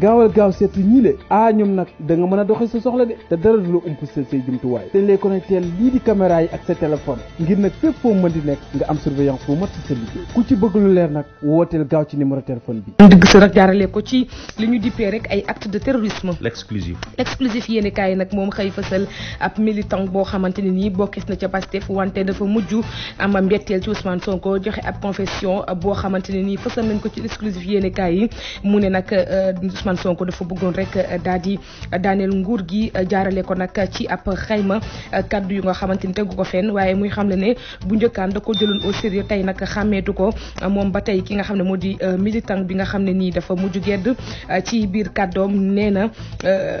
gaawal gaaw seet si ñii ah, nag da nga mën a doxee sa soxla de te dara du la umpaseel say jumtuwaay dañ lay yi ak sa téléphone ngir nag fépp foo mën di nekk nga am surveillance bu mat sa liggéey ku ci bëgg lu leer nag wooteel gaaw ci numéro téléphone bi digg sa jaarale ko ci li ñu dippee rek ay acte de terrorisme l'exclusif l'exclusif nag moom xëy fësal ab militant boo xamante ne nii bokkees na ca Pastef wante dafa mujj am mbetteel ci Ousmane Sonko joxe ab confession boo ne nii fësal nañ ko ci Ousmane Sonko dafa bëggoon rek euh, daal di euh, daaneel nguur gi euh, jaarale ko nag ci ab xayma kaddu yu nga xamante ni tegu ko fenn waaye muy xam le ne bu njëkkaan da ko jëloon au sérieux tey nag xàmmeetu ko moom ba tey ki nga xam ne moo di militant bi nga xam ne nii dafa mujj gedd ci biir kàddoom nee na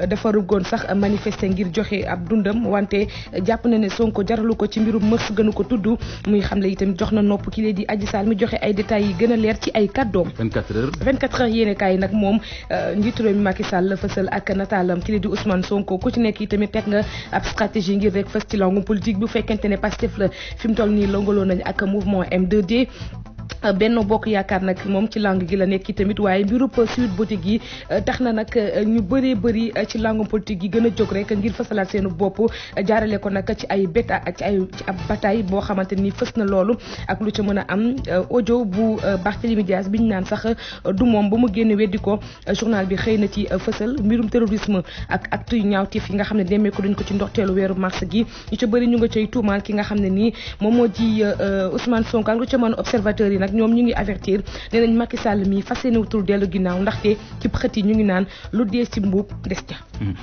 dafa ruggoon sax manifester ngir joxe ab dundam wante jàpp na ne Sonko jaralu ko ci mbirum mës gënu ko tudd muy xam le itam jox na nopp ki lee di Adji Sarr mi joxe ay détails yi gën a leer ci ay kàddoom 24 nag moom njiitu réew mi Macky Sall fësal ak nataalam ki li di Ousmane Sonko ku nekk yi tamit teg nga ab stratégie ngir rek fës ci langue politique bu fekkente ne Pastef la fi mu toll nii nañ ak mouvement m d Euh, benn bokk yaakaar nag moom ci langue gi la nekk tamit waaye mbirub Sweet Beauté gi euh, tax na nag euh, ñu bëree bëri ci langue politique yi gën a jóg rek ngir fasalaat seenu bopp jaarale ko nag ci ay beta ci ay ci ab boo xamante ni fës na loolu ak lu ci mën a am audio bu Barthélémy Dias bi ñu naan sax du moom ba mu génn weddi ko journal bi xëy na ci fësal mbirum terrorisme ak acte yu ñaawteef yi nga xam ne demee ko dañ ko ci ndoxteelu weeru mars gi ñu ca ñu nga cay ki nga xam ne nii moom moo ji Ousmane Sonko ak lu ca mën observateur yi nag ñoom ñu ngi avertir nee nañ Macky Sall mii fas yéene wutul dellu ginnaaw ndaxte ci xët yi ñu ngi naan lu dee ci mbuub des ca. Hmm.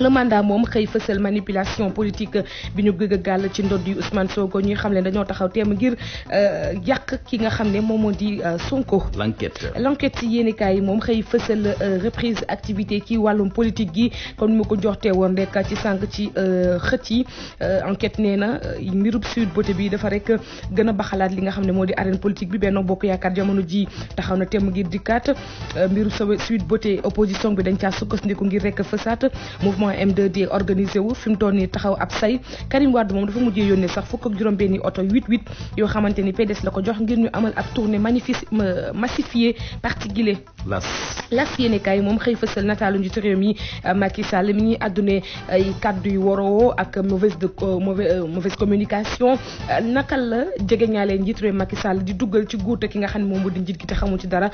le mandat moom xëy fësal manipulation politique bi ñu gëg a gàll ci ndodd yi Ousmane Sonko ñuy xam leen dañoo taxaw teem ngir euh, yàq ki nga xam ne moom moo di euh, Sonko. l'enquête l'enquête yéenekaay yi moom xëy fësal euh, reprise activité ci wàllum politique gi kon mu ma ko joxtee woon rek ci sànq ci xët yi enquête nee na mbirub sud bote bi dafa rek gën a baxalaat li nga xam ne moo di arène politique bi Benno Bokk Yaakaar jamono ji taxaw na teem ngir dikkaat mbirub sud bote opposition dañ caa sukkandiku ngir mouvement M2D organisé wu fi mu toll nii taxaw ab say Karim Wade moom dafa mujjee yónnee sax fukk ak juróom-benni oto 88 yoo xamante ni PDS la ko jox ngir ñu amal ab tournée magnifique massifiée particulier las las yéene kaay moom xëy fësal nataalu njiitu réew mi euh, Macky Sall mi ñuy àddune ay kàddu yu waroo ak mauvaise de euh, euh, mauvaise communication nakal la jege ñaale njiitu réew Macky di dugal ci guuta ki nga xam ne moom bu di njiit gi te xamul ci dara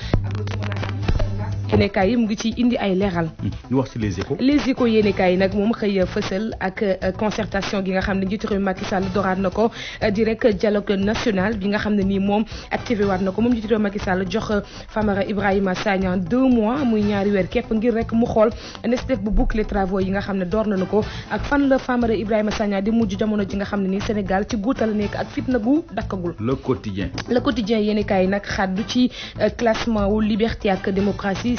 yéenekaay yi mu ngi ciy indi ay leeral. Hmm. ñu wax ci les échos. les yi nag moom xëy fësal ak euh, concertation gi nga xam ne njiitu réew Macky Sall doraat na ko euh, di dialogue national bi nga xam ne nii moom activé waat na ko moom njiitu réew Macky Sall jox euh, Famara Ibrahima Sagna deux mois muy ñaari weer képp ngir rek mu xool nes def bu boucler travaux yi nga xam ne door na ko ak fan la Famara Ibrahima Sagna di mujj jamono ji nga xam ne ni Sénégal ci guutal nekk ak fitna gu dakkagul. le quotidien le quotidien yéenekaay yi nag xaddu ci classement wu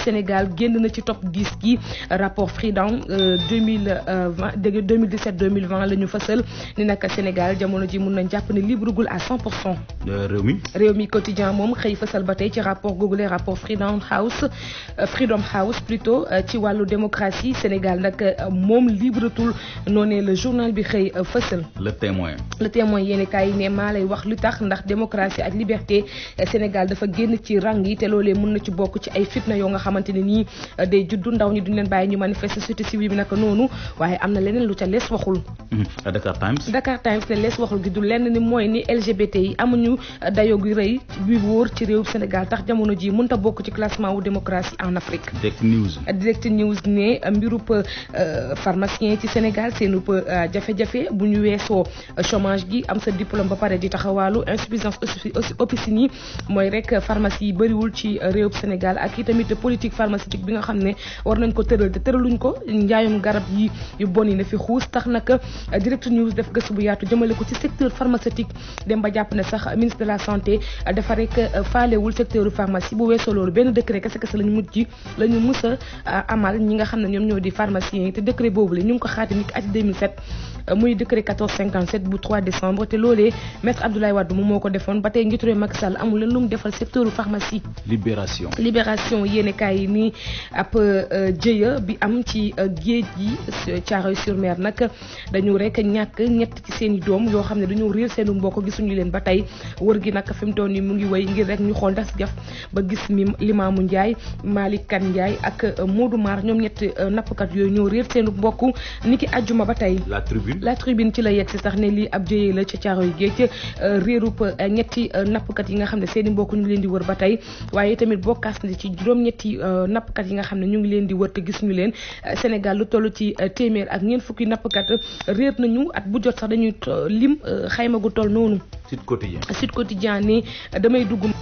Sénégal génn na ci top 10 gi rapport Freedown euh, euh, 2020 dégg 2017 2020 la ñu fësal ni nag Sénégal jamono ji mun nañ jàpp ne libragul à 100 pour euh, réew mi réew mi quotidien moom xëy fësal ba tey ci rapport googule rapport Freedown House Freedom House plutôt ci wàllu démocratie Sénégal nag moom libretul noonee le journal bi xëy fësal. le témoin le témoin yéen kaay ne maa lay wax li tax ndax démocratie ak liberté Sénégal dafa génn ci rang yi te loolee mun na ci bokk ci ay fitna yoo nga xam. xamante ne nii euh, day juddu ndaw ñi duñ leen bàyyi ñu manifester société civile bi naka noonu waaye am na leneen lu ca lees waxul. Mm-hmm. Dakar Times. Dakar Times ne lees waxul gi du lenn ni mooy ni LGBT yi amuñu euh, dayoo gu rëy bi wóor ci réewum Sénégal tax jamono ji mënut a bokk ci classement wu démocratie en Afrique. Direct News. ne euh, mbirub pharmacien ci Sénégal seenub jafe-jafe bu ñu weesoo chômage gi am sa diplôme ba pare di taxawaalu insuffisance officine yi mooy rek pharmacie yi bëriwul politique pharmaceutique bi nga xam ne war nañ ko tëral te tëraluñ ko njaayum garab yi yu bon yi ne fi xuus tax nag euh, direct news def gëstu bu yaatu jëmale ko ci secteur pharmaceutique dem ba jàpp ne sax ministre de la santé euh, dafa rek euh, faalewul secteur pharmacie bu weesoo loolu benn décret kese kese lañu mujj la ñu a amal ñi nga xam ne ñoom ñoo di pharmaciens yi te décret boobu la ñu ko xaati niki at muy décret bu décembre te loolee maître Abdoulaye Wade moom moo yéenekaay yi nii ab euh, jëya bi am ci euh, géej yi euh, Thiaroye sur Mer nag dañu rek ñàkk ñett ci seen i doom yoo xam ne dañoo réer seenu mbokk gisuñu leen ba tey wër gi nag fi mu toll nii mu ngi wéy ngir rek ñu xool ndax jaf ba gis mi Limaamu Ndiaye Malick Kane Ndiaye ak Modou Mar ñoom ñett nappkat yooyu ñoo réer seenu mbokk ni ki ba tey la tribune ci la yegg si sax ne lii ab jëyee la ca Thiaroye géej réerub ñetti nappkat yi nga xam ne seen i mbokk ñu leen di wër ba tey waaye tamit bokkaas na ci juróom ñetti ci euh, nappkat yi nga xam ne ñu ngi leen di wër te gisuñu leen euh, Sénégal lu toll ci euh, téeméer ak ñeent fukki nappkat réer nañu at bu jot sax dañuy lim xayma gu toll noonu. Sud Quotidien Sud Quotidien ni damay dugg.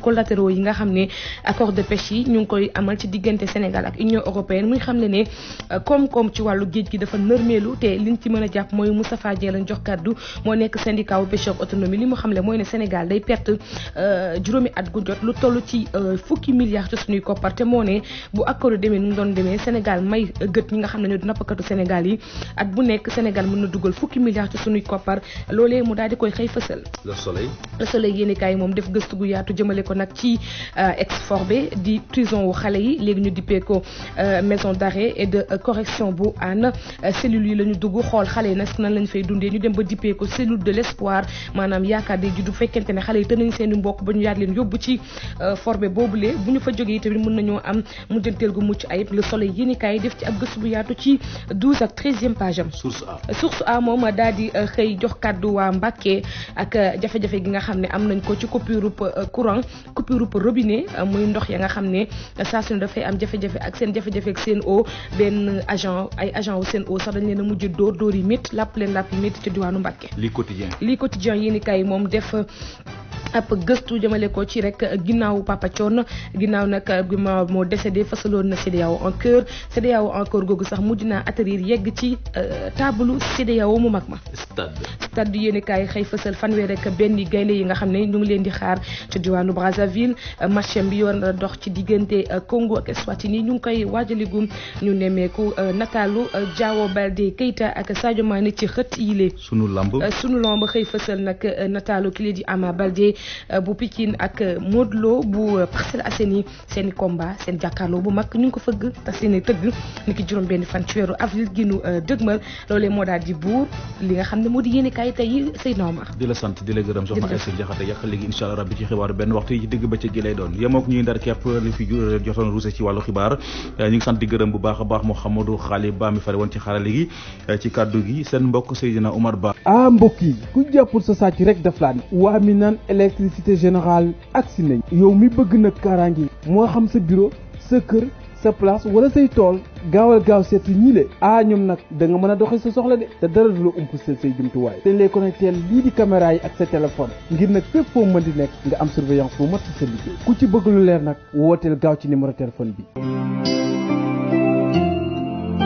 collatéraux yi nga xam ne accord de pêche yi ñu ngi koy amal ci diggante Sénégal ak Union européenne muy xam ne ne euh, koom-koom ci wàllu géej gi dafa nërmeelu te liñ ci mën a jàpp mooy Moustapha Dieng lañ jox kàddu moo nekk syndicat wu pêcheur autonomie li mu xam ne mooy ne Sénégal day perte euh, juróomi at gu jot lu toll ci euh, fukki milliards ci suñuy koppar te moo ne bu accord demee nu mu doon demee Sénégal may gët ñi nga xam ne ñoo di nappkatu Sénégal yi ak bu nekk Sénégal mën na dugal fukki milliards ci suñuy koppar loolee mu daal di koy xëy fësal. Le Soleil. Le Soleil yéen kaay moom def gëstu gu yaatu yaatu jëmale ko nag ci euh, ex forbé di prison wu xale yi léegi ñu dippee ko euh, maison d'arrêt et de correction bu ànd euh, cellule yi lañu dugg xool xale yi nag nan lañ fay dundee ñu dem ba dippee ko cellule de l'espoir maanaam yaakaar day ji du fekkente ne xale yi tën nañ seen i mbokk ba ñu yaat leen yóbbu ci boobu boobulee bu ñu fa jógee tamit mën nañoo am mujjanteel gu mucc ayib le soleil yéen kaay def ci ab gëstu bu yaatu ci 12 ak 13e page am source a source a moom di xëy jox kàddu waa Mbàkke ak jafe gi nga xam ne am nañ ko ci coupure courant coupure pour robinet euh, muy ndox ya nga xam ne saa su dafay am jafe-jafe ak seen jafe-jafe ak seen o benn agent ay agent wu seen o sax dañ leen a mujj door dóor yi métti làpp leen làpp yi métti ci diwaanu Mbàkke lii quotidien lii quotidien yéen i kaay moom def ab gëstu jëmale ko ci rek ginnaaw Papa Thion ginnaaw nag ma moo décédé fasaloon na CEDEAO en cœur CEDEAO en cœur googu sax mujj naa atterrir yegg ci euh, tableau CEDEAO mu mag ma. stade stade yéen kaay xëy fasal fanweer rek benn gaynde yi nga xam ne ñu ngi leen di xaar ci diwaanu Brazzaville euh, match bi yoon dox ci diggante euh, Congo ak Eswatini ñu ngi koy waajaligum ñu nemmeeku nataalu Diao Baldé Keita ak ci xët yile. sunu lamb xëy fasal nag nataalu ki di Ama Baldé. Euh, bu Pikine ak euh, Modou Lo bu euh, Parcelles Assainies seen combat seen jàkkaarloo bu mag ñu ngi ko fëgg tax seen i tëgg ni ki juróom benn fan ci weeru avril gi nu dëgmal loolee moo daal di buur li nga xam ne moo di yéene kaay tey Seydina Omar di la sant di la gërëm soxna Aïssa Diakhaté yàq léegi incha allah rabbi ci xibaaru benn waxtu yi gi lay doon yemook ñuy ndar kepp bu baax a baax Mouhamadou Xaali Ba mi fare woon ci xarale gi ci kàddu gi seen mbokk Seydina Omar Ba ah mbokk yi ku jàppul sa sàcc rek daf laan waa mi naan électricité générale agsi nañ yow mi bëgg nag kaaraange moo xam sa biro sa kër sa place wala say tool gaawal gaaw seet si ñii le ah ñoom nag da nga mën a doxee sa soxla de te dara du la umpaseel say jumtuwaay. dañ lay connecté lii di caméra yi ak sa téléphone ngir nag fépp foo mën di nekk nga am surveillance bu mat si sa liggéey ku ci bëgg lu leer nag wooteel gaaw ci numéro téléphone bi.